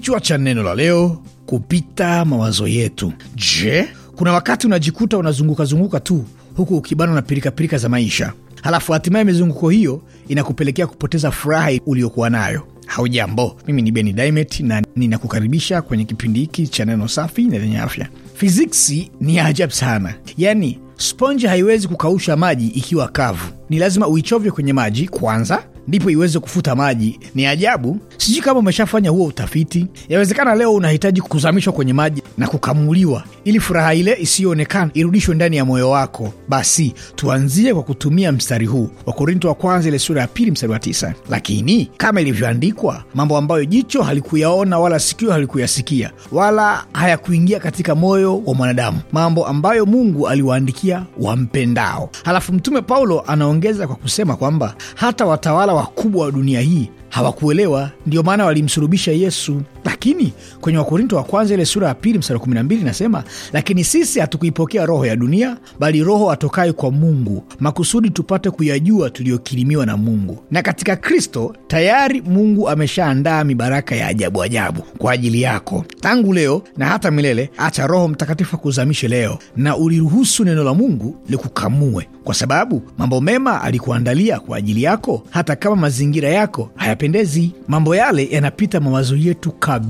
Kichwa cha neno la leo: kupita mawazo yetu. Je, kuna wakati unajikuta unazungukazunguka tu huku ukibanwa na pirikapirika za maisha, halafu hatimaye mizunguko hiyo inakupelekea kupoteza furaha uliyokuwa nayo? Haujambo, mimi ni Beni Dimet na ninakukaribisha kwenye kipindi hiki cha neno safi na lenye afya. Fiziksi ni ya ajabu sana, yaani sponji haiwezi kukausha maji ikiwa kavu, ni lazima uichovye kwenye maji kwanza, ndipo iweze kufuta maji. Ni ajabu, sijui kama umeshafanya huo utafiti. Yawezekana leo unahitaji kuzamishwa kwenye maji na kukamuliwa, ili furaha ile isiyoonekana irudishwe ndani ya moyo wako. Basi tuanzie kwa kutumia mstari huu wa Korinto wa kwanza ile sura ya pili mstari wa tisa, lakini kama ilivyoandikwa, mambo ambayo jicho halikuyaona wala sikio halikuyasikia wala hayakuingia katika moyo wa mwanadamu, mambo ambayo Mungu aliwaandikia wampendao. Halafu mtume Paulo anaongeza kwa kusema kwamba hata watawala wakubwa wa dunia hii hawakuelewa, ndiyo maana walimsulubisha Yesu. Lakini kwenye Wakorinto wa kwanza ile sura ya pili mstari 12 inasema, lakini sisi hatukuipokea roho ya dunia, bali roho atokayo kwa Mungu, makusudi tupate kuyajua tuliyokirimiwa na Mungu. Na katika Kristo tayari Mungu ameshaandaa mibaraka ya ajabu ajabu kwa ajili yako tangu leo na hata milele. Acha Roho Mtakatifu akuzamishe leo na uliruhusu neno la Mungu likukamue, kwa sababu mambo mema alikuandalia kwa ajili yako, hata kama mazingira yako hayapendezi. Mambo yale yanapita mawazo yetu kabi